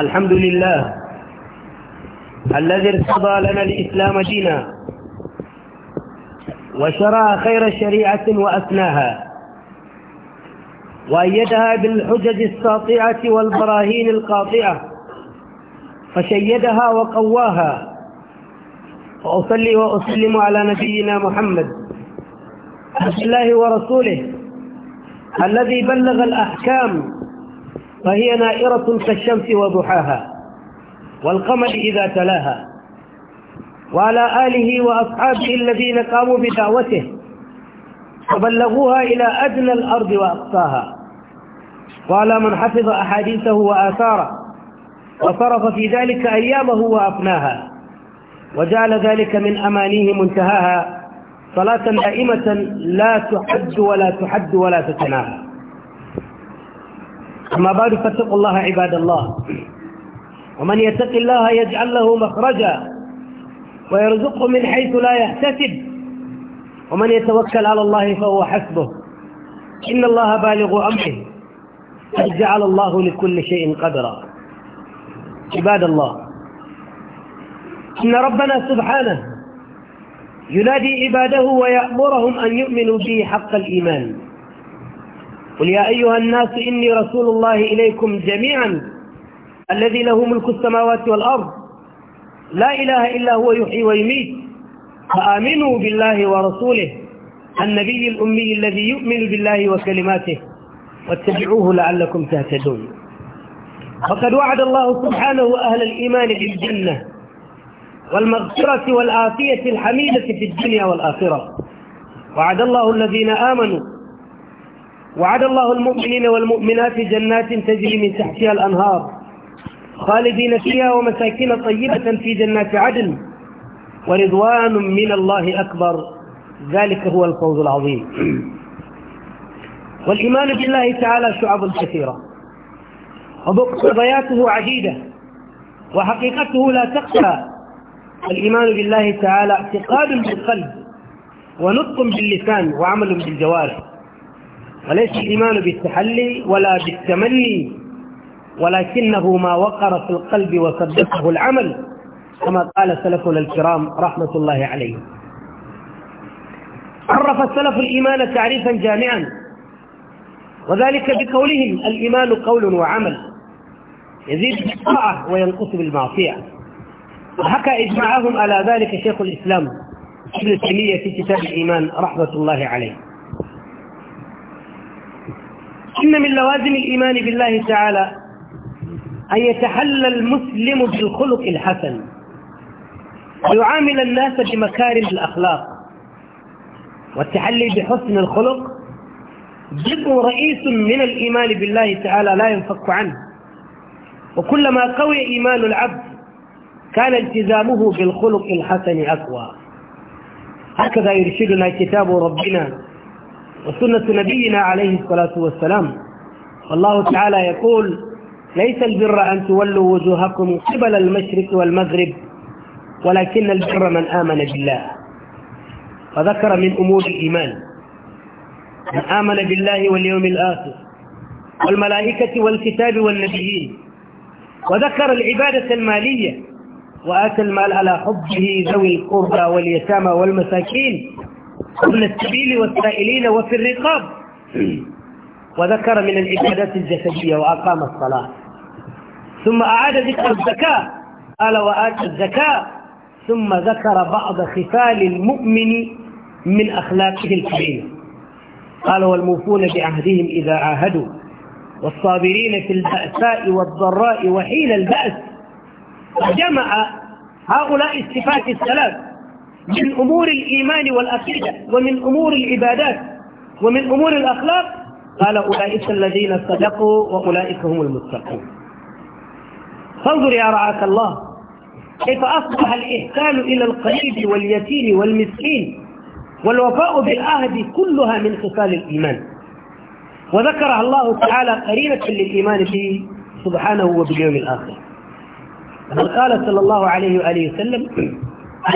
الحمد لله الذي ارتضى لنا الإسلام دينا وشرع خير شريعة وأثناها وأيدها بالحجج الساطعة والبراهين القاطعة فشيدها وقواها وأصلي وأسلم على نبينا محمد عبد الله ورسوله الذي بلغ الأحكام فهي نائرة كالشمس وضحاها والقمر إذا تلاها وعلى آله وأصحابه الذين قاموا بدعوته وبلغوها إلى أدنى الأرض وأقصاها وعلى من حفظ أحاديثه وآثاره وصرف في ذلك أيامه وأفناها وجعل ذلك من أمانيه منتهاها صلاة دائمة لا تحد ولا تحد ولا تتناهى أما بعد فاتقوا الله عباد الله ومن يتق الله يجعل له مخرجا ويرزقه من حيث لا يحتسب ومن يتوكل على الله فهو حسبه إن الله بالغ أمره قد جعل الله لكل شيء قدرا عباد الله إن ربنا سبحانه ينادي عباده ويأمرهم أن يؤمنوا به حق الإيمان قل يا أيها الناس إني رسول الله إليكم جميعا الذي له ملك السماوات والأرض لا إله إلا هو يحيي ويميت فآمنوا بالله ورسوله النبي الأمي الذي يؤمن بالله وكلماته واتبعوه لعلكم تهتدون فقد وعد الله سبحانه أهل الإيمان بالجنة والمغفرة والآفية الحميدة في الدنيا والآخرة وعد الله الذين آمنوا وعد الله المؤمنين والمؤمنات جنات تجري من تحتها الأنهار خالدين فيها ومساكن طيبة في جنات عدن ورضوان من الله أكبر ذلك هو الفوز العظيم والإيمان بالله تعالى شعب كثيرة ومقتضياته عديدة وحقيقته لا تخفى الإيمان بالله تعالى اعتقاد بالقلب ونطق باللسان وعمل بالجوارح وليس الإيمان بالتحلي ولا بالتمني ولكنه ما وقر في القلب وصدقه العمل كما قال سلفنا الكرام رحمة الله عليهم عرف السلف الإيمان تعريفا جامعا وذلك بقولهم الإيمان قول وعمل يزيد بالطاعة وينقص بالمعصية وحكى إجماعهم على ذلك شيخ الإسلام ابن تيمية في كتاب الإيمان رحمة الله عليه إن من لوازم الإيمان بالله تعالى أن يتحلى المسلم بالخلق الحسن ويعامل الناس بمكارم الأخلاق والتحلي بحسن الخلق جزء رئيس من الإيمان بالله تعالى لا ينفك عنه وكلما قوي إيمان العبد كان التزامه بالخلق الحسن أقوى هكذا يرشدنا كتاب ربنا وسنة نبينا عليه الصلاة والسلام والله تعالى يقول ليس البر أن تولوا وجوهكم قبل المشرق والمغرب ولكن البر من آمن بالله وذكر من أمور الإيمان من آمن بالله واليوم الآخر والملائكة والكتاب والنبيين وذكر العبادة المالية وآتى المال على حبه ذوي القربى واليتامى والمساكين وابن السبيل والسائلين وفي الرقاب وذكر من العبادات الجسدية وأقام الصلاة ثم أعاد ذكر الزكاة قال وآتى الزكاة ثم ذكر بعض خفال المؤمن من أخلاقه الكريمة قال والموفون بعهدهم إذا عاهدوا والصابرين في البأساء والضراء وحين البأس جمع هؤلاء الصفات الثلاث من أمور الإيمان والعقيدة ومن أمور العبادات ومن أمور الأخلاق قال أولئك الذين صدقوا وأولئك هم المتقون فانظر يا رعاك الله كيف أصبح الإحسان إلى القريب واليتيم والمسكين والوفاء بالعهد كلها من خصال الإيمان وذكرها الله تعالى قرينة للإيمان به سبحانه وباليوم الآخر بل قال صلى الله عليه وآله وسلم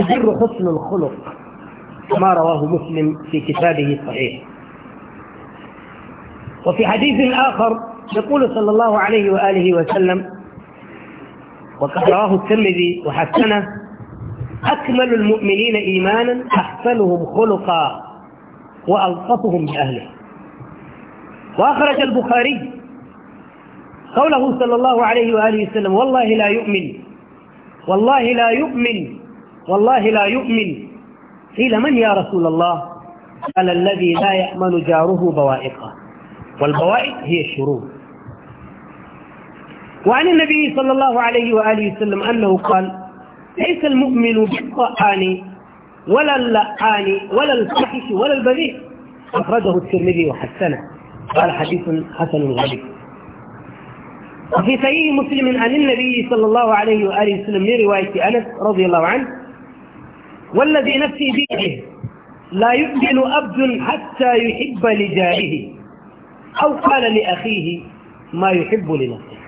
البر حسن الخلق كما رواه مسلم في كتابه الصحيح وفي حديث آخر يقول صلى الله عليه وآله وسلم وقد رواه الترمذي وحسنه أكمل المؤمنين إيمانا أحسنهم خلقا وألطفهم بأهله وأخرج البخاري قوله صلى الله عليه وآله وسلم والله لا يؤمن والله لا يؤمن والله لا يؤمن قيل من يا رسول الله قال الذي لا يأمن جاره بوائقه والبوائق هي الشرور وعن النبي صلى الله عليه وآله وسلم أنه قال ليس المؤمن بالطعان ولا اللعان ولا الفحش ولا البذيء أخرجه الترمذي وحسنه قال حديث حسن غريب وفي صحيح مسلم عن النبي صلى الله عليه وآله وسلم لرواية أنس رضي الله عنه والذي نفسي بيده لا يؤمن أبد حتى يحب لجاره أو قال لأخيه ما يحب لنفسه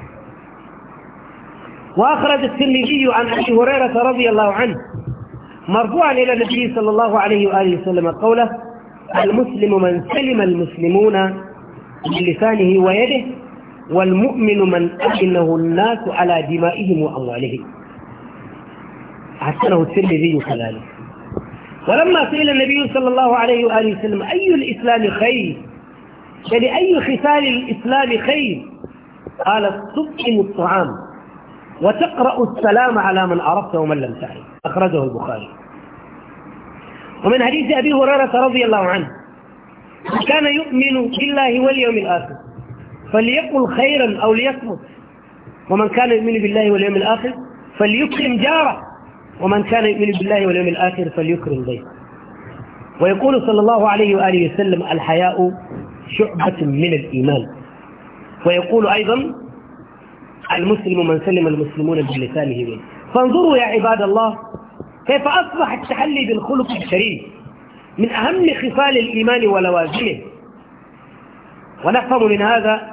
وأخرج الترمذي عن أبي هريرة رضي الله عنه مرفوعا إلى النبي صلى الله عليه وآله وسلم قوله المسلم من سلم المسلمون من لسانه ويده والمؤمن من أعينه الناس على دمائهم وأموالهم حسنه الترمذي كذلك ولما سئل النبي صلى الله عليه وآله وسلم أي الإسلام خير يعني أي خسال الإسلام خير قال تطعم الطعام وتقرأ السلام على من عرفت ومن لم تعرف أخرجه البخاري ومن حديث أبي هريرة رضي الله عنه كان يؤمن بالله واليوم الآخر فليقل خيرا أو ليصمت ومن كان يؤمن بالله واليوم الآخر فليكرم جاره ومن كان يؤمن بالله واليوم الآخر فليكرم بيته ويقول صلى الله عليه وآله وسلم الحياء شعبة من الإيمان ويقول أيضا المسلم من سلم المسلمون بلسانه منه فانظروا يا عباد الله كيف أصبح التحلي بالخلق الشريف من أهم خصال الإيمان ولوازمه ونفهم من هذا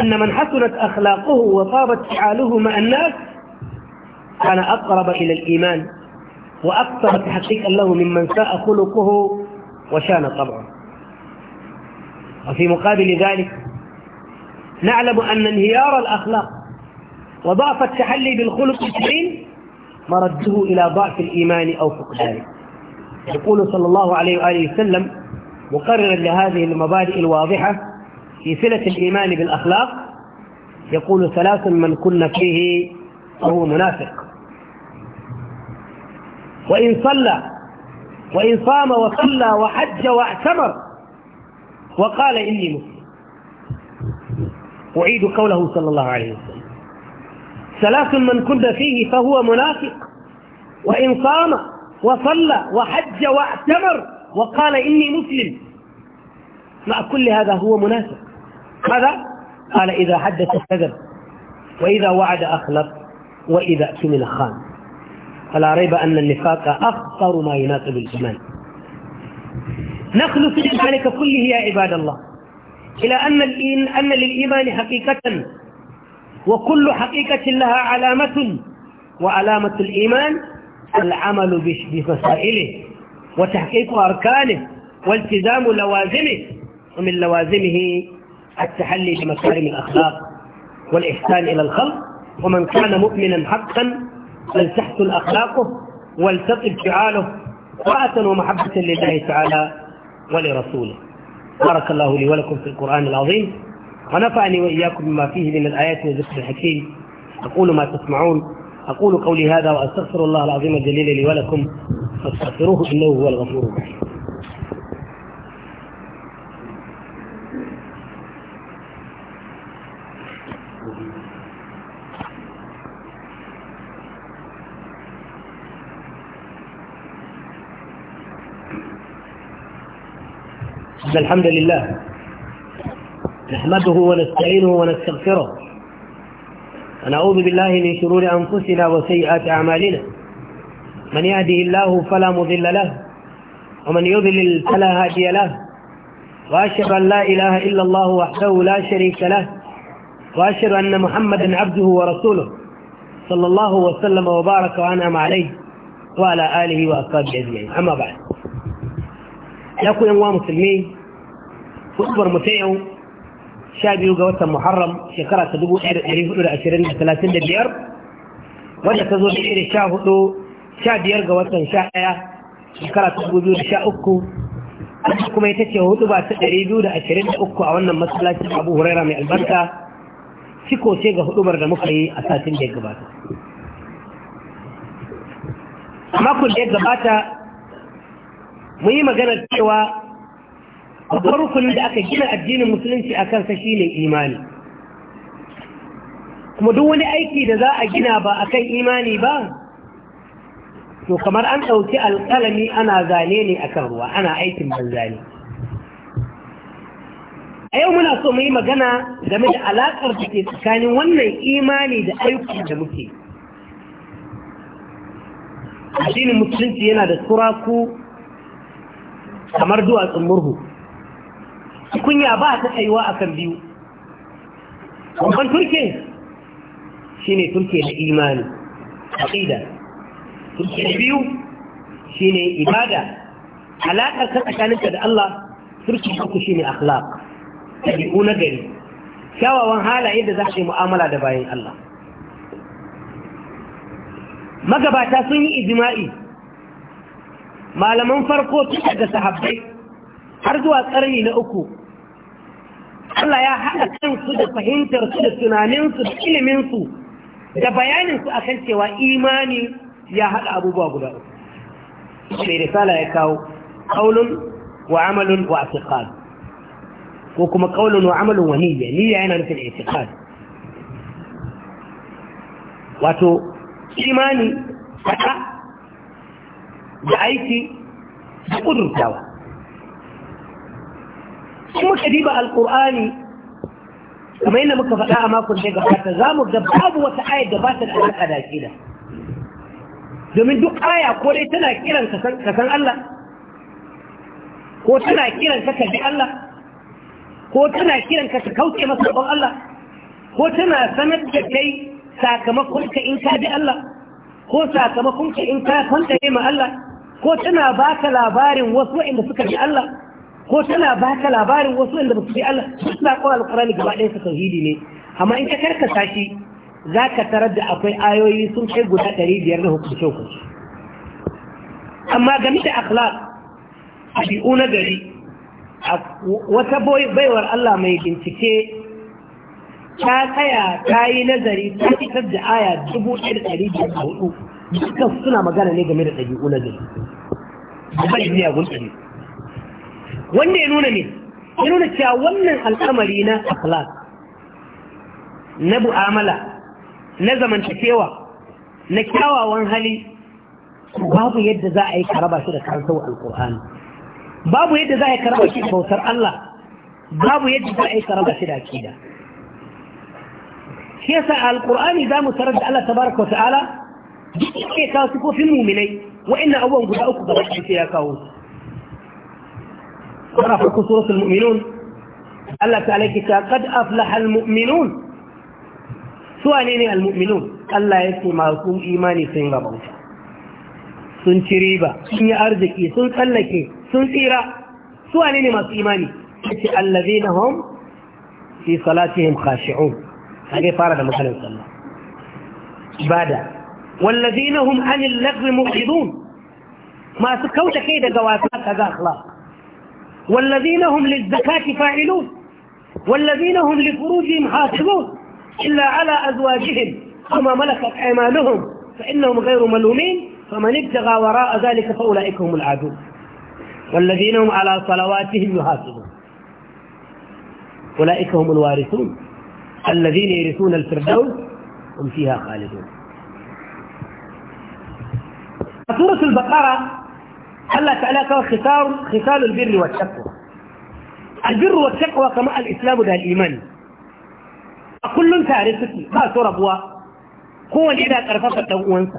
أن من حسنت أخلاقه وطابت حاله مع الناس كان أقرب إلى الإيمان وأكثر تحقيقا له ممن ساء خلقه وشان طبعه وفي مقابل ذلك نعلم أن انهيار الأخلاق وضعف التحلي بالخلق الكريم مرده إلى ضعف الإيمان أو فقدانه يقول صلى الله عليه وآله وسلم مقررا لهذه المبادئ الواضحة في صلة الإيمان بالأخلاق يقول ثلاث من كن فيه فهو منافق وإن صلى وإن صام وصلى وحج واعتمر وقال إني مسلم أعيد قوله صلى الله عليه وسلم ثلاث من كن فيه فهو منافق وإن صام وصلى وحج واعتمر وقال إني مسلم مع كل هذا هو منافق ماذا؟ قال إذا حدث كذب وإذا وعد أخلف وإذا أكمل خان فلا ريب أن النفاق أخطر ما يناسب الإيمان نخلص في ذلك كله يا عباد الله إلى أن, أن للإيمان حقيقة وكل حقيقة لها علامة وعلامة الإيمان العمل بمسائله وتحقيق أركانه والتزام لوازمه ومن لوازمه التحلي بمكارم الأخلاق والإحسان إلى الخلق ومن كان مؤمنا حقا فلتحسن أخلاقه ولتطب فعاله طاعة ومحبة لله تعالى ولرسوله بارك الله لي ولكم في القرآن العظيم ونفعني وإياكم بما فيه من الآيات والذكر الحكيم أقول ما تسمعون أقول قولي هذا وأستغفر الله العظيم الجليل لي ولكم فاستغفروه إنه هو الغفور الرحيم إن الحمد لله نحمده ونستعينه ونستغفره ونعوذ بالله من شرور أنفسنا وسيئات أعمالنا من يهده الله فلا مضل له ومن يضلل فلا هادي له وأشهد أن لا إله إلا الله وحده لا شريك له وأشهد أن محمدا عبده ورسوله صلى الله وسلم وبارك وأنعم عليه وعلى آله وأصحابه أجمعين أما بعد يا أخوي أنواع مسلمين hudubar mu ta yau sha biyu ga watan muharram shekara ta dubu ɗaya da ɗari hudu da ashirin da talatin da biyar wadda ta zo ɗaya da sha hudu sha biyar ga watan sha ɗaya shekara ta dubu biyu da sha uku kuma ita ce hudubar ta ɗari biyu da ashirin da uku a wannan masallacin abu huraira mai albarka ciko ce ga hudubar da muka yi a satin da ya gabata makon da ya gabata mu yi magana cewa babban rukunin da aka gina addinin musulunci a kansa shi ne imani kuma duk wani aiki da za a gina ba a kan imani ba to kamar an ɗauki alƙalami ana zane ne a kan ruwa ana aikin banzane a yau muna so mu yi magana game da alaƙar da ke tsakanin wannan imani da ayyukan da muke addinin musulunci yana da turaku kamar duwatsun murhu kunya ba ta tsayuwa a kan biyu babban turke shi ne turke na imani aƙida turke da biyu shi ne ibada alaƙar ta tsakaninka da Allah turke da uku shi ne akhlaq ɗabi'u na gari kyawawan halaye da za su yi mu'amala da bayan Allah magabata sun yi izima'i. malaman farko tun daga sahabbai har zuwa tsari na uku Allah ya haɗa kansu da fahimtarsu da tunaninsu da iliminsu da bayaninsu a kan cewa imani ya haɗa abubuwa guda uku mai risala ya kawo ƙaunin wa amalin wa atiqad ko kuma ƙaunin wa amalin wa niyya niyya yana nufin itiqad wato imani faɗa da aiki da ƙudurtawa in muka diba alkur'ani kamar yadda muka faɗa a makon da gabata za mu ga babu wata ayar da ba ta da alaƙa da aƙida domin duk aya ko dai tana kiran ka san Allah ko tana kiran ka bi Allah ko tana kiran ka kauce masa ɗan Allah ko tana sanar da kai sakamakon ka in ka bi Allah ko sakamakon ka in ka kwanta ma Allah ko tana ba ka labarin wasu waɗanda suka bi Allah ko tana baka labarin wasu wanda ba su yi Allah su na kawai alƙur'ani gaba ɗaya su tauhidi ne amma in ka karkasa shi za ka tarar da akwai ayoyi sun kai guda ɗari biyar na hukuncin ku. amma game da akhlaq biyu na gari wata baiwar Allah mai bincike ta tsaya ta yi nazari ta fitar da aya dubu ɗaya da ɗari biyar da hudu dukkan suna magana ne game da ɗabi'u na gari. Ba iya gun ɗabi'u. wanda ya nuna ne ya nuna cewa wannan al'amari na akhlaq na bu'amala na zamantakewa na kyawawan hali babu yadda za a yi karaba shi da karantar alkur'ani babu yadda za a yi karaba shi da bautar Allah babu yadda za a yi karaba shi da akida shi yasa alkur'ani zamu mu da Allah tabaraka wa ta'ala duk ke kawo sifofin muminai wa'annan abubuwan guda uku gaba ɗaya ya kawo su muna farko suratul mu'minun Allah ta alaiki ta qad aflaha almu'minun su wane almu'minun Allah ya ce masu imani sun rabauta sun ci sun yi arziki sun tsallake sun tsira su wane masu imani yace allazina hum fi salatihim khashi'un kage fara da maganar sallah ibada wallazina hum masu kauta kai daga wasa kaga والذين هم للزكاة فاعلون والذين هم لفروجهم حافظون إلا على أزواجهم وما ملكت أيمانهم فإنهم غير ملومين فمن ابتغى وراء ذلك فأولئك هم العادون والذين هم على صلواتهم يحافظون أولئك هم الوارثون الذين يرثون الفردوس هم فيها خالدون سورة البقرة الله تعالى قال ختام ختام البر والتقوى البر والتقوى كما الاسلام ده الايمان كل تعرفتي ما تربوا هو اذا قرفت دوانسا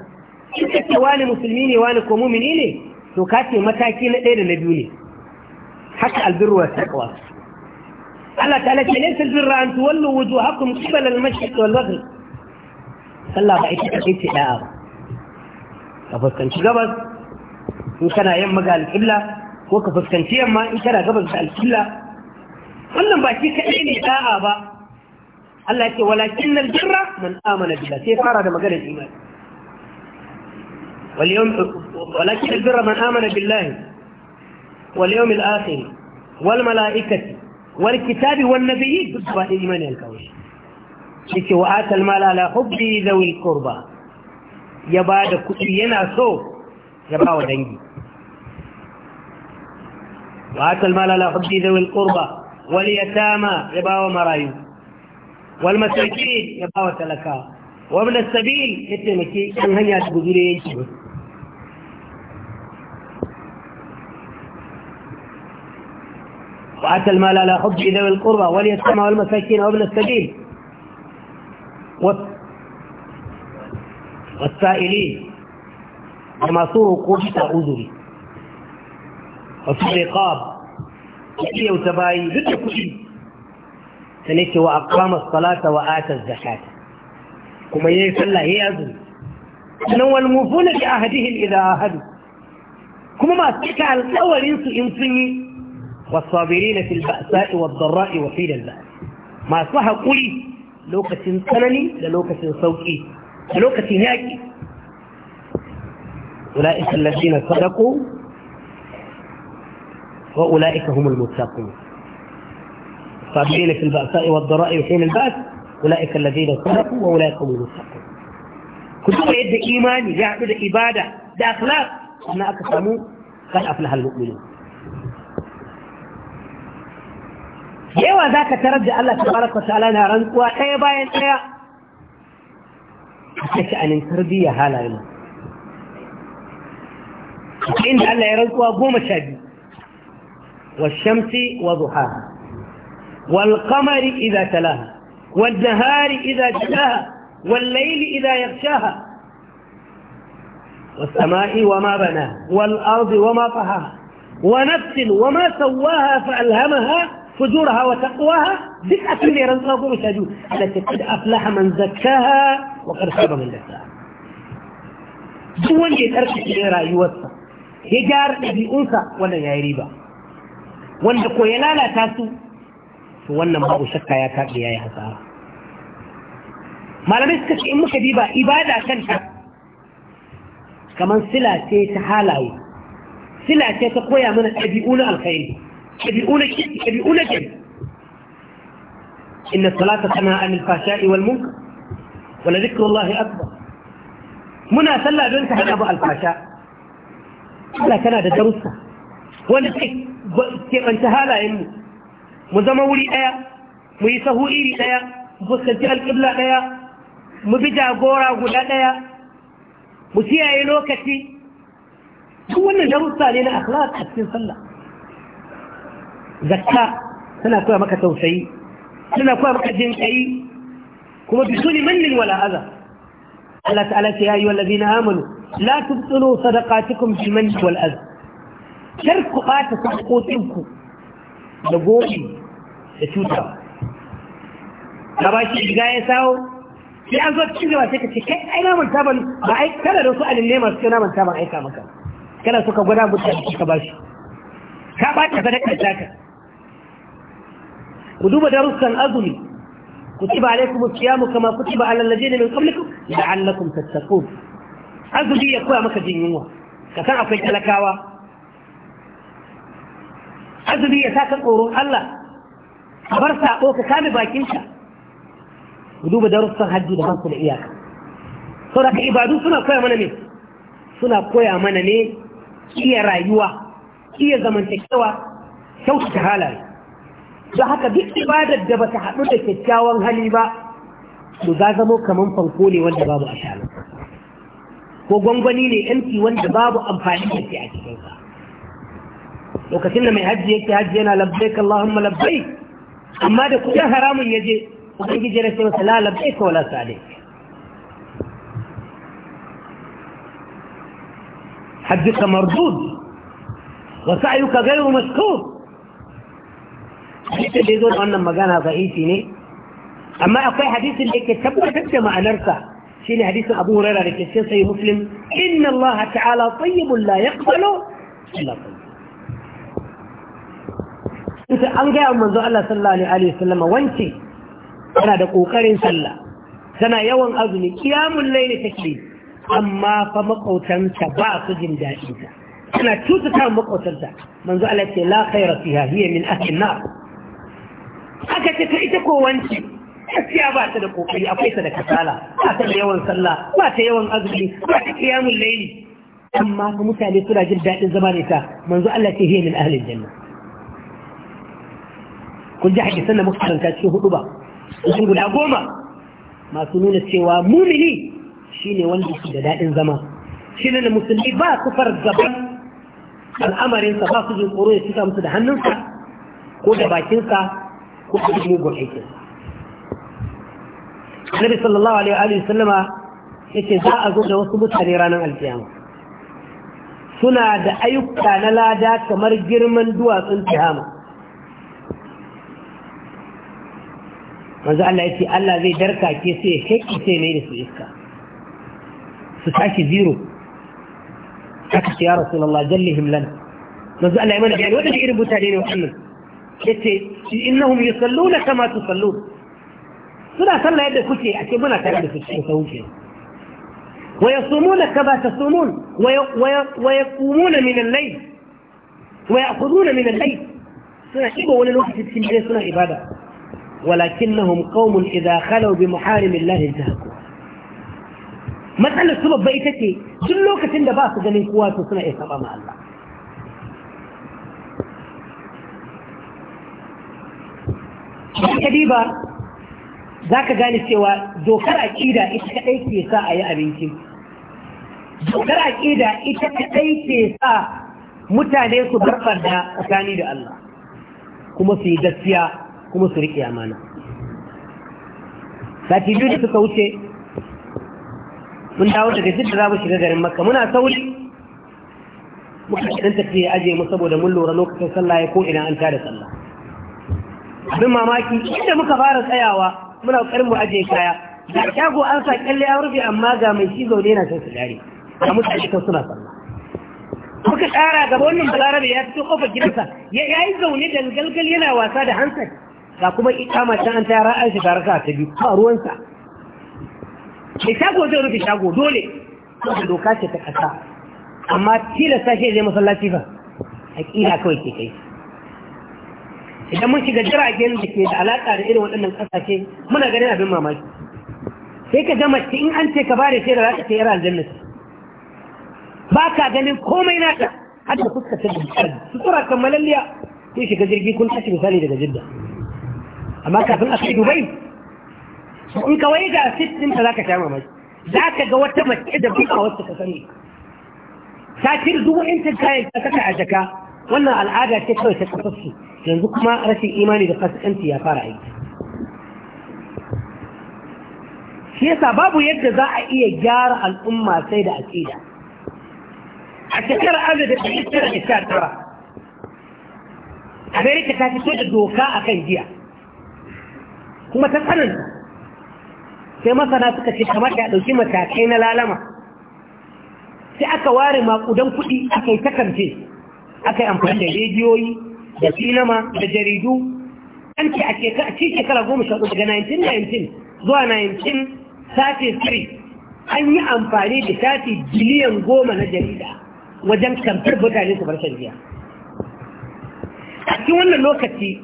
انت وانا مسلمين وانا مؤمنين تو كاتي متاكي نا ديه نا حتى البر والتقوى الله تعالى ليس البر ان تولوا وجوهكم قبل المشهد والمغرب صلى الله عليه وسلم ابو كان شغبس in kana yamma ga alƙibla ko ka fuskanci yamma in kana gabas ga alƙibla wannan ba shi kaɗai ne da'a ba Allah ce walakin nan jirra man amana billah sai fara da maganar imani walakin nan jirra man amana billahi wal yawmil akhir wal mala'ikati wal kitabi wan nabiyyi duk ba da imani alkawai yake wa atal mala la hubbi zawil qurba ya bada kuɗi yana so ya ba wa dangi وآتى المال على حبه ذوي القربى واليتامى يباوى مرايو والمساكين يباوى تلكاوى وابن السبيل يتمكي أن هنيا تبذلي ينشبه وآتى المال على حب ذوي القربى واليتامى والمساكين وابن السبيل والسائلين وما صوروا قوشة أذري وفي العقاب تأتي وتباي بتكوين سنيتي وأقام الصلاة وآت الزكاة كما يفعل الله يأذن أنه المفول في أهدهم إذا أهدوا كما ما أستكى الأول إنس إنسني والصابرين في البأساء والضراء وحيد البأس ما صح قولي لوكة سنني للوكة صوتي لوكة ناكي أولئك الذين صدقوا وأولئك هم المتقون الصابرين في البأساء والضراء وحين البأس أولئك الذين صدقوا وأولئك هم المتقون كل من يعد إيمان يعبد عبادة ده أخلاق أنا أكسموا قد أفلح المؤمنون يوا ذاك ترد الله تبارك وتعالى نارن وحي باين يا حتى أن ينتربي يا هالا إن الله يرزقها قومة شديدة والشمس وضحاها والقمر إذا تلاها والنهار إذا جلاها والليل إذا يغشاها والسماء وما بناها والأرض وما طهاها ونفس وما سواها فألهمها فجورها وتقواها بدعة لرزقها قوم شاجون التي قد أفلح من زكاها وقد خاب من دساها دون يترك غيرها يوسع يجار بأنثى ولا يعريبها wanda ko ya lalata su to wannan babu shakka ya kaɗe ya yi hasara malamai suka ce in muka diba ibada kanta kamar sila ce ta halaye sila ce ta koya mana ɗabi'u na alkhairi ɗabi'u na kirki ɗabi'u na gari inna salata tana an alfasha'i wal munkar wa la dhikru zikrullahi akbar muna sallah don ta hana ba alfasha Allah tana da darussa wanda kai keɓanta halayenmu mu zama wuri ɗaya mu yi sahu iri ɗaya mu fuskanci alƙibla ɗaya mu bi jagora guda ɗaya mu kiyaye lokaci duk wannan darussa ne na akhlaq a cikin sallah zakka tana koya maka tausayi tana koya maka jinƙayi kuma bisuni mannin wala aza Allah ta'ala ya yi wallazina amanu la tubtilu sadaqatikum bil manni wal adha kirku ɓata ku da gobe da cuta na ba shi iga ya sawo sai an zo cikin gaba sai ka ce kai ai namun ta ban ba ai kana da su alille masu kyau namun ta ban aika maka kana suka gwada mutum da suka ba shi ka ba ta fadar kanta ku duba darussan azumi ku ci ba alaikum siyamu kama ku ci ba alallaje ne mai kwamnikun da allakum tattakun azumi ya koya maka jinyuwa. yunwa ka san akwai talakawa azumi ya saka tsoron Allah a bar sako ka kame bakinka ku duba darussan hajji da banku da iyaka saboda ka ibadu suna koya mana ne suna koya mana ne iya rayuwa iya zamantakewa kyautata halaye da haka duk ibadar da bata haɗu da kyakkyawan hali ba to za zamo kaman fanko ne wanda babu a shanu ko gwangwani ne yanki wanda babu amfani da shi a cikinsa lokacin da mai hajji yake hajji yana labbaik Allahumma labbaik amma da kudin haramun yaje ubangiji ya ce masa la labbaik wala salik حجك مردود وسعيك غير مشكور حديث da ya wannan magana za'ifi ne amma akwai hadisin da ke tabbatar da ma'anarsa shine hadisin Abu Hurairah da ke cikin Sahih Muslim inna Allah ta'ala tayyibun la yaqbalu illa tayyib ita an gaya manzo Allah sallallahu alaihi wasallam wance tana da kokarin sallah tana yawan azumi qiyamul layli take amma fa makautanta ba su jin dadi ta tana tuta ta makautanta manzo Allah ce la khaira fiha hiya min ahli nar haka ce ta ita ko wance gaskiya ba ta da kokari akwai ta da kasala ba ta da yawan sallah ba ta yawan azumi ba ta qiyamul layli amma mutane suna jin daɗin zama ne ta manzo Allah ce hiya min ahli janna kun ji hadisan da muka karanta cikin hudu ba sun guda goma masu nuna cewa mumini shine wanda su da daɗin zama shi ne musulmi ba su gaban al'amarinsa ba su jin tsoro ya cika musu da hannunsa ko da bakinsa ko da mugun aikinsa annabi sallallahu alaihi wa sallama yake za a zo da wasu mutane ranar alkiyama suna da ayyuka na lada kamar girman duwatsun tihama manzo Allah ya ce Allah zai darka ke sai ya kai sai ne da su iska su tashi zero aka ce ya rasulullah jallihim lan manzo Allah ya mana bayani wadanda irin mutane ne wannan yace innahum yusalluna kama tusallun suna sallah yadda kuke a ce muna tare da su cikin sauki ويصومون كما تصومون ويقومون من الليل ويأخذون من suna ibo wani ولا cikin تسمعين suna ibada ولكنهم قوم إذا خلوا بمحارم الله انتهكوا ما تعلم السبب بيتكي شلوك سند باسد من قوات سنة إيه الله كديبا ذاك قال جاني سوى دوكرا كيدا إشتأيكي ساعة يا أبيتي دوكرا كيدا إشتأيكي ساعة متى نيسو برقر دا أساني دا الله كما في دسيا kuma su riƙe amana sati biyu da suka wuce mun dawo daga jidda za mu shiga garin makka muna sauri muka ɗan tafiya ya aje mu saboda mun lura lokacin sallah ya ko ina an tada sallah abin mamaki inda muka fara tsayawa muna ƙoƙarin mu aje kaya da shago an sa kyalle an rufe amma ga mai shi zaune yana son su dare ga mutane kan suna sallah muka tsara gaba wannan balarabe ya fito kofar gidansa ya yi zaune dangalgal yana wasa da hansar ga kuma ikama can an tayar an shi raka ta biyu ba ruwansa mai shago zai rufe shago dole da doka ce ta ƙasa amma ta shi zai masallaci ba a ƙila kawai ke kai idan mun shiga jiragen da ke da alaƙa da irin waɗannan ƙasashe muna ganin abin mamaki sai ka gama ce in an ce ka bare shi da za ka ce yara aljanna ba ka ganin komai na ta har da fuskar da su tsura kammalalliya sai shiga jirgi kun tashi misali daga jidda amma kafin a kai dubai in ka wai ga sit ɗinta za ka sha mamaki za ka ga wata mace da buka wasu ka sani ta cire dubu intin kayan ta saka a jaka wannan al'ada ce kawai ta kasassu yanzu kuma rashin imani da fasikanci ya fara aiki shi yasa babu yadda za a iya gyara al'umma sai da aƙida a shekarar arziki da ɗari tara da sha tara amerika ta fito da doka a kan jiya kuma ta sanin sai masana suka ce kamar ya ɗauki matakai na lalama sai aka ware makudan kuɗi aka yi takamce aka yi amfani da rediyoyi da sinama da jaridu an ce a ci kala goma shaɗu daga 1919 zuwa 1933 an yi amfani da sati biliyan goma na jarida wajen kamfar mutane su bar shari'a a cikin wannan lokaci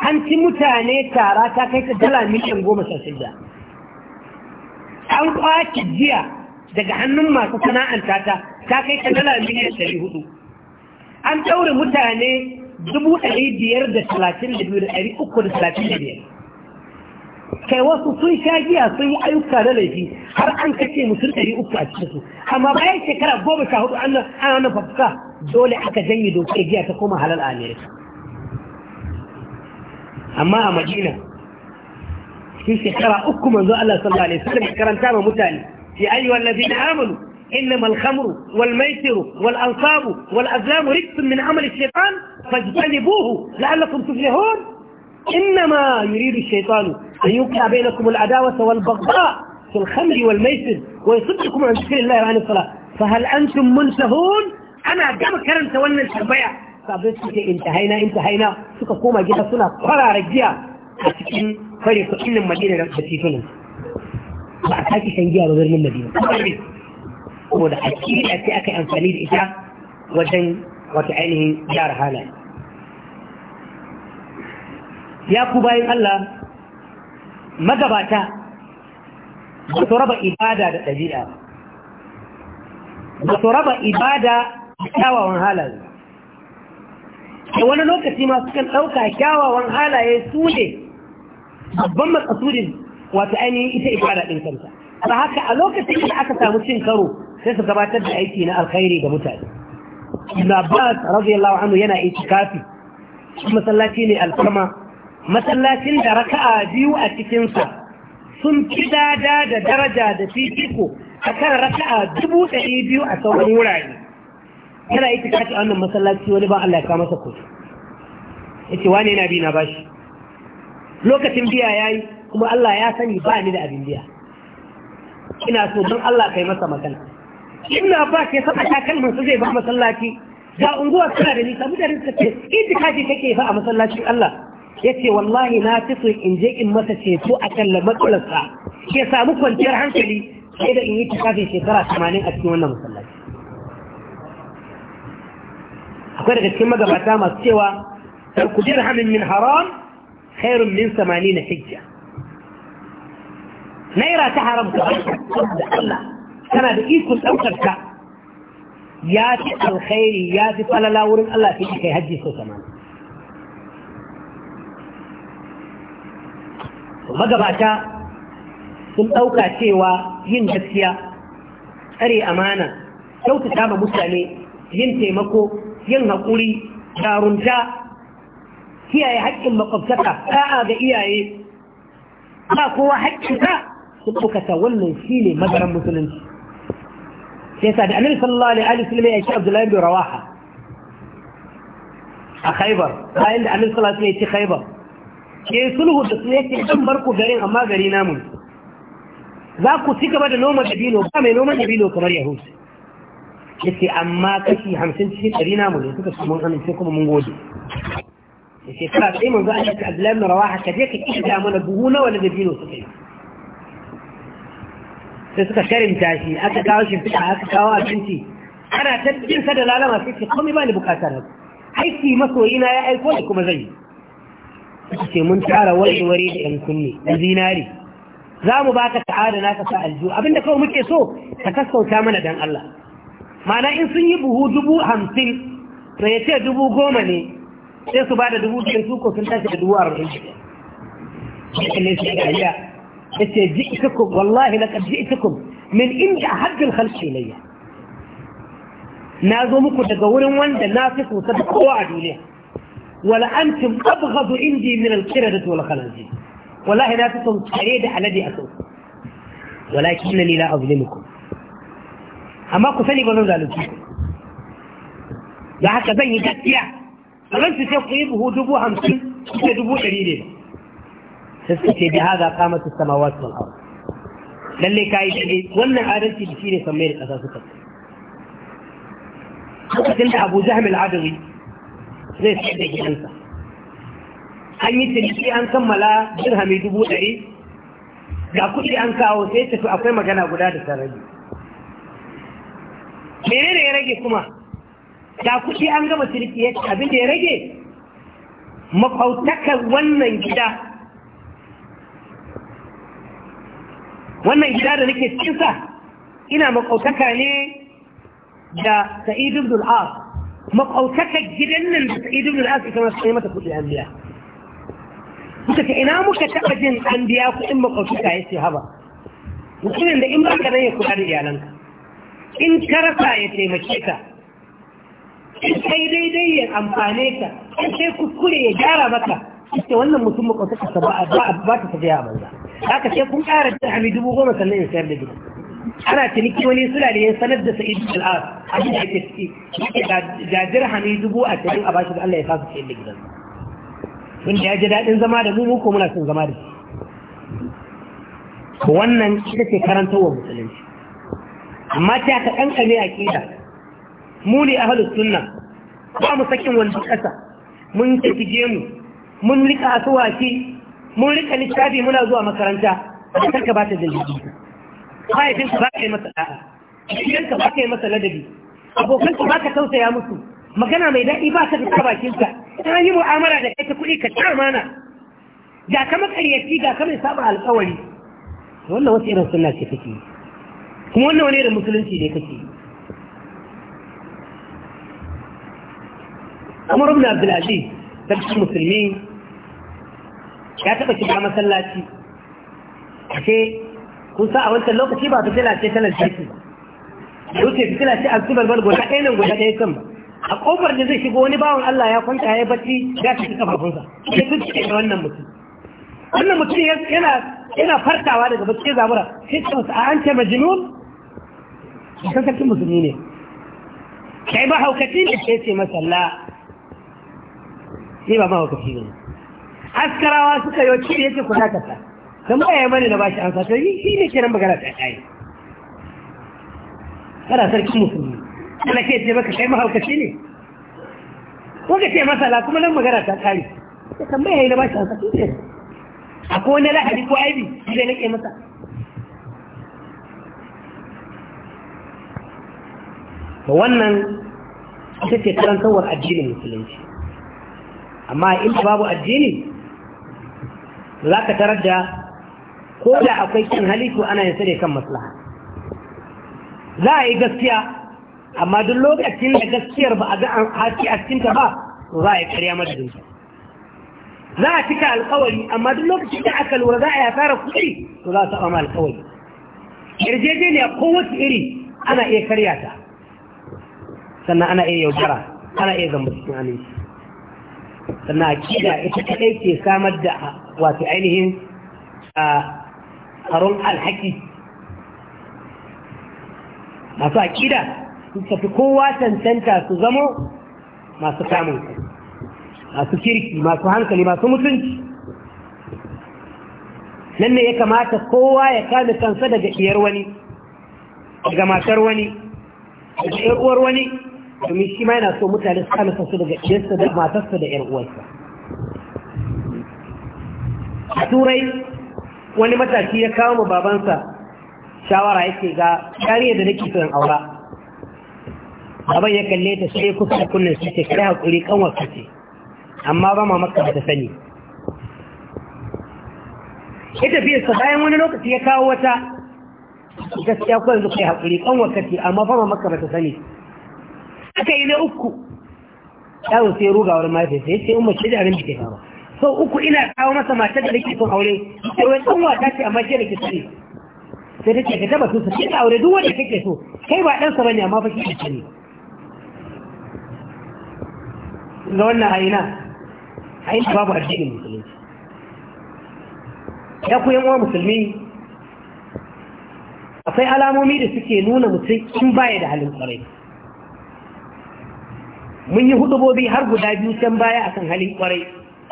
an ci mutane tara ta kai ta dala miliyan goma sha shida an kwaki jiya daga hannun masu sana'anta ta ta kai ta dala miliyan ɗari hudu an ɗaure mutane dubu ɗari biyar da talatin da biyu da ɗari uku da talatin da biyar kai wasu sun sha giya sun yi ayyuka da laifi har an kace mutum ɗari uku a cikin su amma bayan shekara goma sha hudu an nan fafuka dole aka janye dokar jiya ta koma halal a amerika amma a madina cikin shekara uku manzo Allah sallallahu alaihi wasallam karanta ma mutane ya ayyuhal ladina amanu إنما الخمر والميسر والأنصاب والأزلام رجس من عمل الشيطان فاجتنبوه لعلكم تفلحون إنما يريد الشيطان أن يوقع بينكم العداوة والبغضاء في الخمر والميسر ويصدكم عن ذكر الله وعن الصلاة فهل أنتم منتهون أنا جاب كرم تولى الشبيع sabbin su ce intahaina intahaina suka koma gida suna kwarara giya a cikin fare kuɗin madina da titunan ba a sake shan giya ba birnin madina saboda akida ce aka yi amfani da ita wajen wata ainihin gyara halaye ya ku bayan Allah magabata ba su raba ibada da ɗabi'a ba su raba ibada da kyawawan halaye a wani lokaci masu kan ɗauka kyawawan halaye su ne babban matsasudin wata ainihin ita ibada ɗin kanta ba haka a lokacin da aka samu cin karo sai su gabatar da aiki na alkhairi ga mutane ibn radiyallahu anhu yana itikafi masallaci ne alfarma masallacin da raka'a biyu a cikinsa sun fi dada da daraja da fifiko a kan raka'a dubu ɗari biyu a sauran wurare yana yi kaci a wannan masallaci wani ba Allah ya kama masa kuɗi ce wane yana biyu na bashi lokacin biya yayi kuma Allah ya sani ba ni da abin biya ina so don Allah kai masa magana ina ba ke saba ta kalmar su zai ba masallaci ga unguwa suna da nisa mutane suka ce itikafi kake ba a masallacin Allah ya ce wallahi na fi so in je in masa ceto a kan matsalarsa ya samu kwanciyar hankali sai da in yi tafafin shekara tamanin a cikin wannan masallaci akwai daga cikin magabata masu cewa tarku dirhamin min haram khairun min samani na hijja naira ta haram ka da Allah tana da ikon ɗaukar ka ya fi alkhairi ya fi falala wurin Allah fi kai hajji sau samani magabata sun ɗauka cewa yin gaskiya tsare amana kyautata ma mutane yin taimako yin haƙuri jarunta kiyaye haƙƙin makwabtaka ɗa'a ga iyaye ba kowa haƙƙinka su ɗaukata wannan shi ne madaran musulunci sai sa da annabi sallallahu alaihi wa sallam ya ce Abdullahi bin Rawaha a Khaibar bayan da annabi sallallahu alaihi wa sallam ya ce Khaibar ke sulhu da su yake ɗan barku garin amma gari namun? za ku ci gaba da noma dabino ba mai noma dabino kamar Yahudi yace amma kashi hamsin cikin ɗari namu ne suka mun amince kuma mun gode yace kana sai mun zo an yace Abdullahi ibn Rawaha ka ƙi ka kida mana buhu nawa na dabino suka yi sai suka karinta shi aka kawo shi fita aka kawo abinci ana ta jin sa da lalama sai ce komai ba ni bukatar haka aiki masoyina ya aiko ne kuma zai suka ce mun tara warware da yan kunne da zinari za mu baka ta'ada na ka sa aljihu abinda kawai muke so ka sassauta mana dan Allah ma'ana in sun yi buhu dubu hamsin sai ya ce dubu goma ne sai su ba da dubu biyar su ko sun tashi da dubu arba'in da ne su yi dariya ya ce ji ita ku wallahi laqad ji ku min inda haddin halki ilayya na zo muku daga wurin wanda na fi kusa da kowa a duniya wala antum abghadu indi min al-qirada wal khanazir wallahi na fi son tare da alade a sau walakin la azlimukum amma ku sani ba zan zalunci da haka zan yi gaskiya kamar zan ce ku yi buhu dubu hamsin kuke dubu ɗari ne sai suka ce da haza kamatu samawati wal hau. lalle yi dai wannan adalci da shine mai da ƙasa suka lokacin da Abu Jahl al-Adawi zai sai da gidansa an yi ciniki an kammala dirhami dubu ɗari ga kuɗi an kawo sai tafi akwai magana guda da sarari mene ne ya rage kuma da kuɗi an gama ciniki ya abin da ya rage mafautakar wannan gida wannan gida da nake cikinsa ina mafautaka ne da sa'idu ibn al-as gidan nan da sa'idu ibn al-as ita kai mata kuɗi an biya suka ce ina muka taɓa jin an biya kuɗin mafautaka ya ce haba mutumin da in ba ka nan ya kula da iyalanka in karasa ya taimake ka in kai daidai ya amfane ka in kai kuskure ya gyara maka ita wannan mutum kwasa kasa ba ba ta tafiya a banza haka sai kun ta hami dubu goma sannan ya sayar da gida ana ciniki wani suna da ya sanar da sa'id al'ad abin da yake ciki yake ga dirhami dubu a cikin a bashi da Allah ya sa su sayar da gidan wanda ya ji daɗin zama da mu mu ko muna son zama da shi wannan ita ce karantarwar musulunci amma ta ka a aqida mu ne halittun sunna ba mu sakin wanda kasa mun tafi je mu mun rika asuwaki mun rika littafi muna zuwa makaranta da kanka ba ta dalili mahaifinka ba ka yi masa ɗa'a. gidanka ba ka yi masa ladabi abokanka ba ka tausaya musu magana mai daɗi ba ka fita bakinka ta yi mu'amala da kai ta kuɗi ka tsara mana ga ka makaryaci ga ka mai saba alƙawari wannan wasu irin suna ce take yi kuma wannan wani da musulunci ne kake Umar ibn Abdul Aziz musulmi ya taɓa shiga masallaci A ce kun sa a wancan lokaci ba fitila ce ta lantarki ba wuce ta ce a zubar bar guda ɗaya nan guda ɗaya kan a ƙofar da zai shigo wani bawan Allah ya kwanta ya bacci ya tafi kafafunsa ya tuce da wannan mutum wannan mutum yana fartawa daga bacci zamura sai ta wasu a an ce majinun kan sarkin musulmi ne kai ba haukaci ne sai ce masa la ni ba mahaukaci ne askarawa suka yi wacce yake kuna kasa kan ba ya mani na bashi an to yi shi ne kiran magana ta kai kana sarkin musulmi kana ke ce maka kai mahaukaci ne ko ka ce masa la kuma nan magana ta kai ka tambaya yi na bashi amsa to akwai wani lahadi ko aibi shi ne nake masa to wannan ita ce karantarwar addinin musulunci amma in babu addini za ka tarar da ko da akwai kin hali to ana yin sare kan maslaha za a yi gaskiya amma duk lokacin da gaskiyar ba a ga an haƙi a cikinta ba za a yi karya ta. za a cika alkawari amma duk lokacin da aka lura za a yi hasara kuɗi to za a taɓa ma alkawari yarjejeniya kowace iri ana iya karya ta sannan ana iya yaudara ana iya zamba cikin aminci sannan akida ita kadai ke samar da wato ainihin a tsaron alhaki masu akida su tafi kowa cancanta su zamo masu kamun masu kirki masu hankali masu mutunci nan ne ya kamata kowa ya kame kansa daga iyar wani daga matar wani daga uwar wani domin shi ma yana so mutane su kama kansu daga ɗiyarsa da matarsa da ‘yan uwansa. A turai wani matashi ya kawo ma babansa shawara yake ga yariyar da nake son aura. Baban ya kalle ta sai kusa da kunnen shi ce kare haƙuri wasu ce, amma ba ma maka ba ta sani. Ya tafiyarsa bayan wani lokaci ya kawo wata gaskiya kawai zuka yi haƙuri kan ce, amma ba ma maka ba ta sani. aka yi na uku yaro sai ruga wurin mahaifiyar sai sai umar shida rin bike kama sau uku ina kawo masa matar da nake son aure sai wani ɗan wata ce amma shi da ke sani sai ta ce ka taba su sai ta aure duk wanda kake so kai ba ɗansa ne amma fa shi da sani ga wannan aina aina babu addinin musulunci ya ku yan uwa musulmi akwai alamomi da suke nuna mutum in baya da halin kwarai mun yi hudubobi har guda biyu can baya akan halin kwarai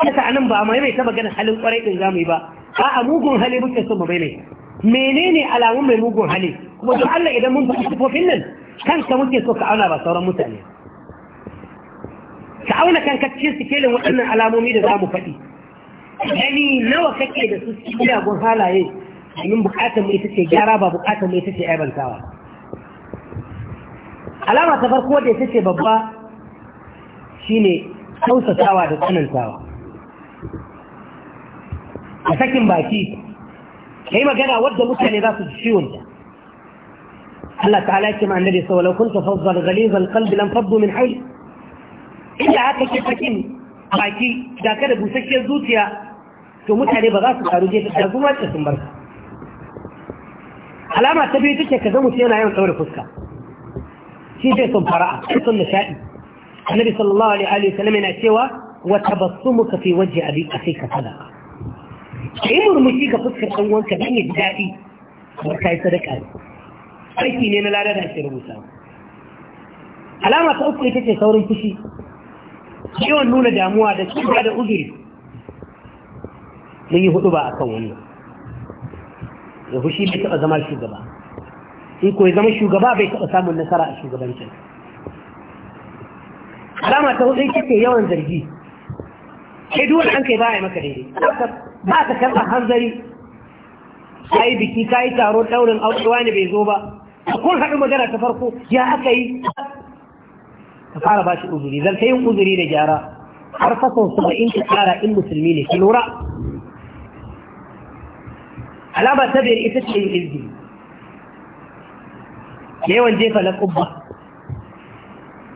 kasa anan ba a mai mai taba ganin halin kwarai din zamu yi ba a mugun hali muke so mu ne. menene alamun mai mugun hali kuma don Allah idan mun faɗi sifofin nan kanka muke so ka auna ba sauran mutane ka auna kanka cikin sikelin waɗannan alamomi da zamu faɗi gani nawa kake da su cikin gon halaye domin bukatar mu ita ce gyara ba bukatar mu ita ce aibantawa alama ta farko da ita ce babba shine tausatawa da tsanantawa a sakin baki kai magana wadda mutane za su ji ciwon Allah ta'ala yake ma annabi sa walau kunta fazzal ghaliz al-qalbi lam faddu min hayl inda haka ke sakin baki da kada busasshiyar zuciya to mutane ba za su karu je da kuma ta sun barka alama ta biyu take ka ga mutum yana yawan daure fuska shi zai son fara'a son nishaɗi النبي صلى الله عليه وسلم سوى وتبصمك في وجه أبي أخيك صدقة إمر مشيك فتك الأول كبني الدائي وكاي صدق أنا أي سنين لا لا نسير موسى ألاما تأكل كتير صوري تشي يوان نولا جاموا هذا شو هذا أجري من يهدو بقى كوني يهوشي بيتو أزمال شو غبا إنكو إزمال شو غبا بيتو أسامو النسارة شو غبا نشي alama ta hudu ita yawan zargi sai duk an kai ya maka daidai ba ka karɓa hanzari ka yi biki ka yi taro ɗaurin aurewa ne bai zo ba kun haɗu magana ta farko ya aka yi ka fara ba shi uzuri zan yin uzuri da gyara har fason in ka tsara in musulmi ne ki lura alama ta biyar ita ce yin izini yawan jefa na ƙubba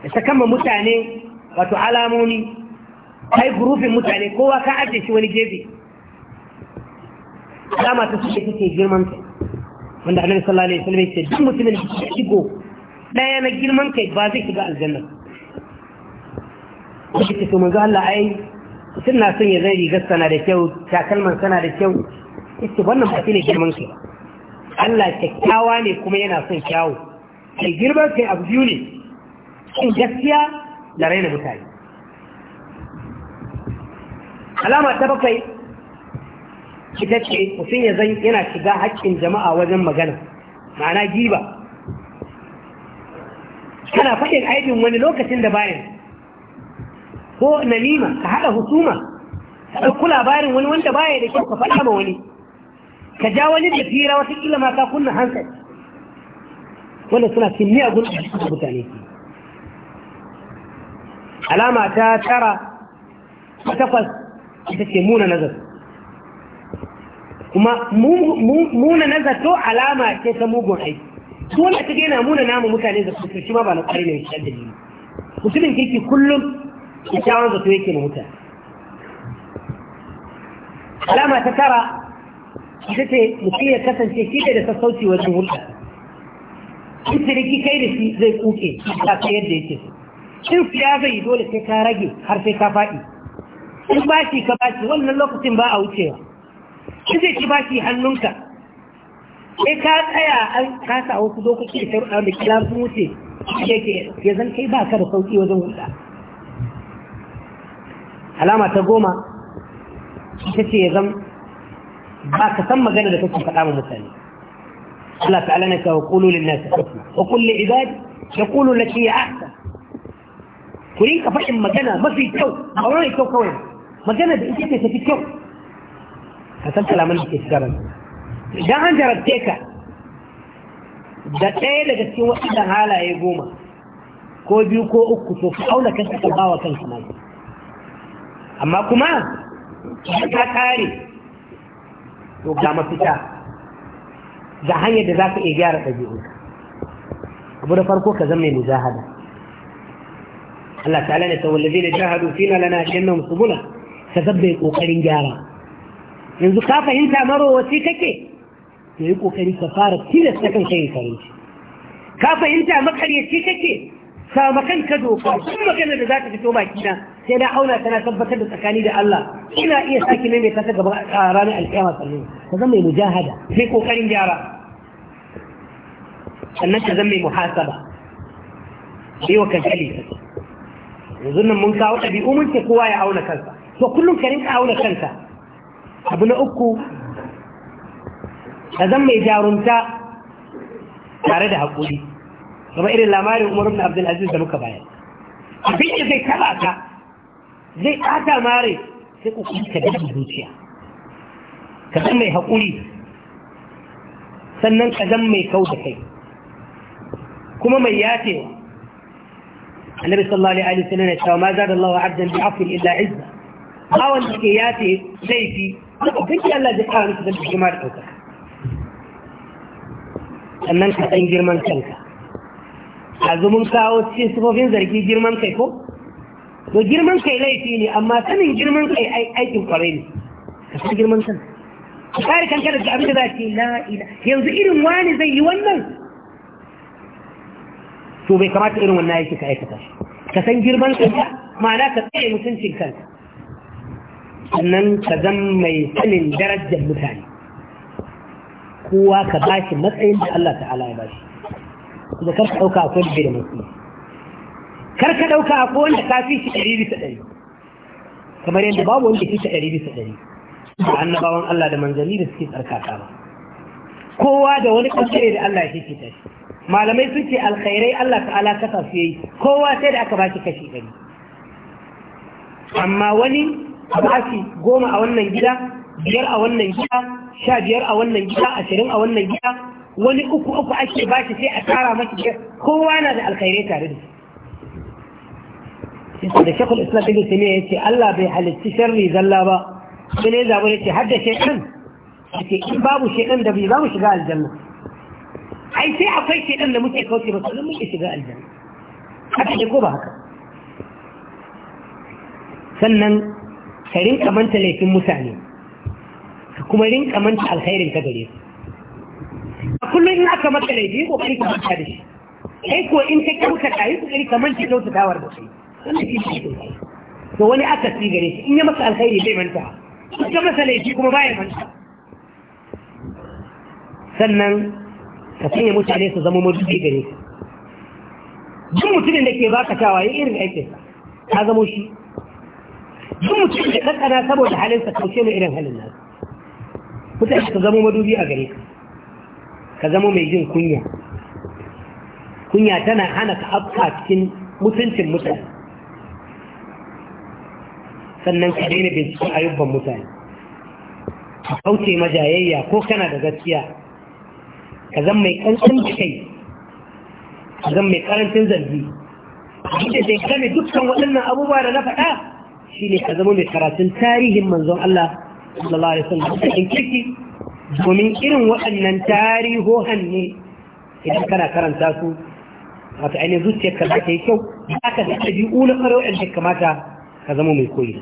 da kama mutane wato alamomi kai gurufin mutane kowa ka ajiye shi wani gefe alama ta suke kike girman kai wanda annabi sallallahu alaihi wasallam ya ce duk mutumin da ya shigo daya na girman kai ba zai shiga aljanna kuma ce to manzo Allah ai mutum na son ya zai riga sana da kyau takalman sana da kyau ita wannan ba shine girman kai Allah kyakkyawa ne kuma yana son kyawu kai girman kai abu biyu ne ƙin gaskiya da raina mutane alama ta bakwai ita ce mutum ya zai yana shiga haƙƙin jama'a wajen magana ma'ana giba kana faɗin aibin wani lokacin da bayan ko Nanima ka haɗa husuma ka ɗauki labarin wani wanda baya da kyau ka faɗa ma wani ka ja wani da fira wata ƙila mata ka kunna hankali wanda suna cin miyagun a mutane alama ta tara ta takwas ita ce muna nazar kuma muna nazar to alama ce ta mugun aiki su wanda ta gina muna namu mutane da su shi ma ba na kwarai ne shi ni, mutumin kirki kullum kyakkyawan zato yake na mutane alama ta tara ita ce mutum ya kasance shi da sassauci wajen hulɗa in siriki kai da shi zai kuke ta yadda yake so in ya zai dole sai ka rage har sai ka faɗi in bashi ka shi wannan lokacin ba a wucewa shi zai ci shi hannunka sai ka tsaya an kasa wasu dokoki da sharuɗa da kila sun wuce yake ya zan kai ba ka da sauƙi wajen hulɗa alama ta goma ita ce ya zan ba ka san magana da kake faɗa ma mutane Allah ta'ala na kawo kulolin nasu wa kulli ibadi ya kulolin na ce ya ahsan ku rinka faɗin magana mafi kyau a wurin kyau kawai magana da ita ce ta fi kyau ka san kalaman da ke shigaran idan an jarabce ka da ɗaya daga cikin waɗannan halaye goma ko biyu ko uku to ku auna kanka ka bawa kanka mai amma kuma ka kare to ga mafita ga hanyar da za ka iya gyara ɗabi'unka abu da farko ka zama mai mujahada الله تعالى يقول الذين جاهدوا فينا لنا أجنهم سبلا سببين أقرين جارا ينزو خافة انت أمرو وسيكك يقول كريم سفارة تلا سكن شيء كريم خافة انت أمرو وسيكك سامة كان كدو قال ثم كان لذاك في توبة كنا سينا حولا كنا سببك بسكاني دا الله إلا إيا ساكي مين يتسك بغاران آه، الكامة صلوه تزمي مجاهدة فيكو كريم جارا أنت تزمي محاسبة ايوه كجلي yanzu nan mun kawo ɗabi'u mun ce kowa ya auna kansa to kullum ka rinka auna kanka abu na uku ka zan mai jarumta tare da haƙuri gaba irin lamarin umar ibn abdul aziz da muka bayar abin da zai taba ka zai ɓata mare sai ku ka daɗa zuciya ka zan mai haƙuri sannan ka zan mai kau da kai kuma mai yacewa. النبي صلى الله عليه وسلم يقول ما زاد الله عبدا بعفو الا عزه او ان ياتي سيفي بك الا ذكرى مثل الجمال او كذا ان انت ان جرمان كنك هذا منك او تشين سبوفين زركي جرمان كيكو لو جرمان كي لا يتيني اما سنين جرمان كي اي اي تنقريني كيف جرمان كنك تاري كان كده جابت ذاتي لا اله ينزئير مواني زي ونن to bai kamata irin wannan yake ka aikata shi ka san girman kanka ma'ana ka tsaye mutuncin kanka sannan ka zan mai sanin darajar mutane kowa ka ba shi matsayin da Allah ta'ala ya ba shi da kar ka ɗauka akwai da bai da matsayi kar ka ɗauka akwai wanda ka fi shi ɗari bisa ɗari kamar yadda babu wanda fi shi ɗari bisa ɗari ba annabawan Allah da manzanni da suke tsarkaka ba kowa da wani ɓangare da Allah ya fi shi malamai sun ce alkhairai Allah ta'ala ka su yi kowa sai da aka baki kashi ɗari amma wani a bashi goma a wannan gida biyar a wannan gida sha biyar a wannan gida ashirin a wannan gida wani uku uku ake bashi sai a tara maki kowa na da alkhairai tare da shi da shakul islam ibn ya ce Allah bai halitta sharri zalla ba sai ne zabo yace hadda shaytan yace in babu shekan da bai babu shiga aljanna ai sai akwai shedan da muke kauce masa don muke shiga aljanna haka ne ko ba haka sannan ka rinka manta laifin mutane ka kuma rinka manta alkhairin ka gare su a kullum in aka maka laifi ko kai ka manta da shi kai ko in ka kyauta ka yi kokari ka manta kyauta dawar da kai wannan shi ne to wani aka si gare shi in ya maka alkhairi bai manta ka masa laifi kuma baya manta sannan ka sanya mutane su zama madubi gare ka duk mutumin da ke baka tawa yin irin aikin ka zamo shi duk mutumin da kankana saboda halinsa kauce mai irin halin nasu mutane ka zama madubi a gare ka ka zama mai jin kunya kunya tana hana ka afka cikin mutuncin mutane sannan ka daina binciken ayyukan mutane ka kauce majayayya ko kana da gaskiya ka zan mai kankan da kai ka zan mai karancin zargi da kame dukkan waɗannan abubuwa da na faɗa shi ne ka zama mai karatun tarihin manzon Allah sallallahu alaihi wasallam da kirki domin irin waɗannan tarihohan ne idan kana karanta su wata ainihin zuciyarka za ta yi kyau za ka da ɗabi'u na ƙwarar waɗanda kamata ka zama mai koyi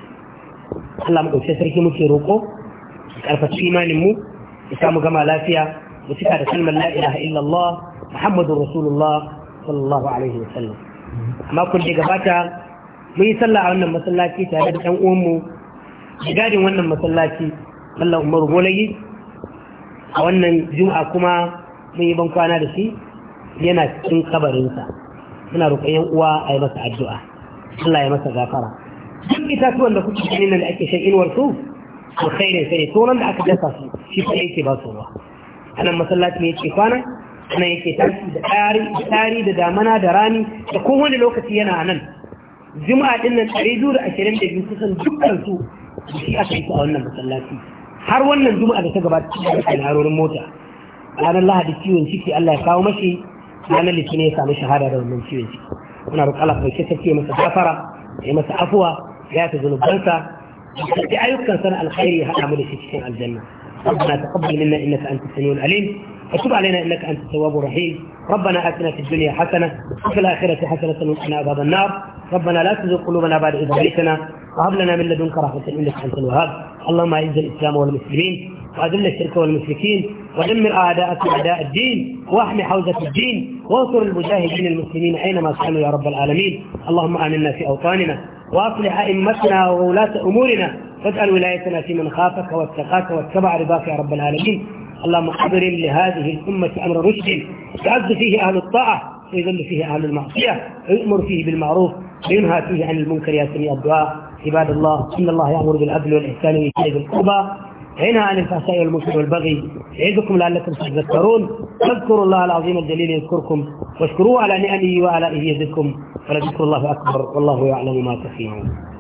Allah mu ɗauke sarki muke roƙo ƙarfafi imaninmu ya samu gama lafiya mu cika da kalmar la ilaha illallah muhammadur rasulullah sallallahu alaihi wa sallam amma kun gabata mun yi sallah a wannan masallaci tare da ɗan uwanmu da gadin wannan masallaci Allah Umaru Bolagi a wannan juma'a kuma mun yi ban kwana da shi yana cikin kabarinsa muna roƙon yan uwa a yi masa addu'a Allah masa gafara duk itatuwan da kuke ganin da ake shan inuwar su alkhairin sai to nan da aka dasa su shi fa yake ba su ruwa anan masallaci ce kwana anan yake tashi da tsari da damana da rani da kowane lokaci yana nan juma'a din nan 222 kusan dukansu da shi aka yi a wannan masallaci har wannan juma'a da ta gabata cikin harorin mota ranar lahadi ciwon ciki Allah ya kawo mashi ranar litinin ya samu shahada da wannan ciwon ciki muna roƙon Allah kai ta ce masa gafara ya masa afuwa ya ta zunubansa da ayyukan sana alkhairi ya haɗa mu da shi cikin aljanna ربنا تقبل منا انك انت السميع العليم وتب علينا انك انت التواب الرحيم ربنا اتنا في الدنيا حسنه وفي الاخره حسنه وقنا عذاب النار ربنا لا تزغ قلوبنا بعد اذ هديتنا وهب لنا من لدنك رحمه انك انت الوهاب اللهم اعز الاسلام والمسلمين واذل الشرك والمشركين ودمر اعداءك اعداء الدين واحم حوزه الدين وانصر المجاهدين المسلمين اينما كانوا يا رب العالمين اللهم امنا في اوطاننا وأصلح أئمتنا وولاة أمورنا واجعل ولايتنا في من خافك واتقاك واتبع رضاك يا رب العالمين اللهم أبرم لهذه الأمة أمر رشد تعز فيه أهل الطاعة ويذل فيه أهل المعصية ويؤمر فيه بالمعروف وينهى فيه عن المنكر يا سميع الدعاء عباد الله إن الله يأمر بالعدل والإحسان وإيتاء القربى ينهى عن الفحشاء والمنكر والبغي يعظكم لعلكم تذكرون فاذكروا الله العظيم الجليل يذكركم واشكروه على نعمه وعلائه يزدكم ولذكر الله أكبر والله يعلم ما تصنعون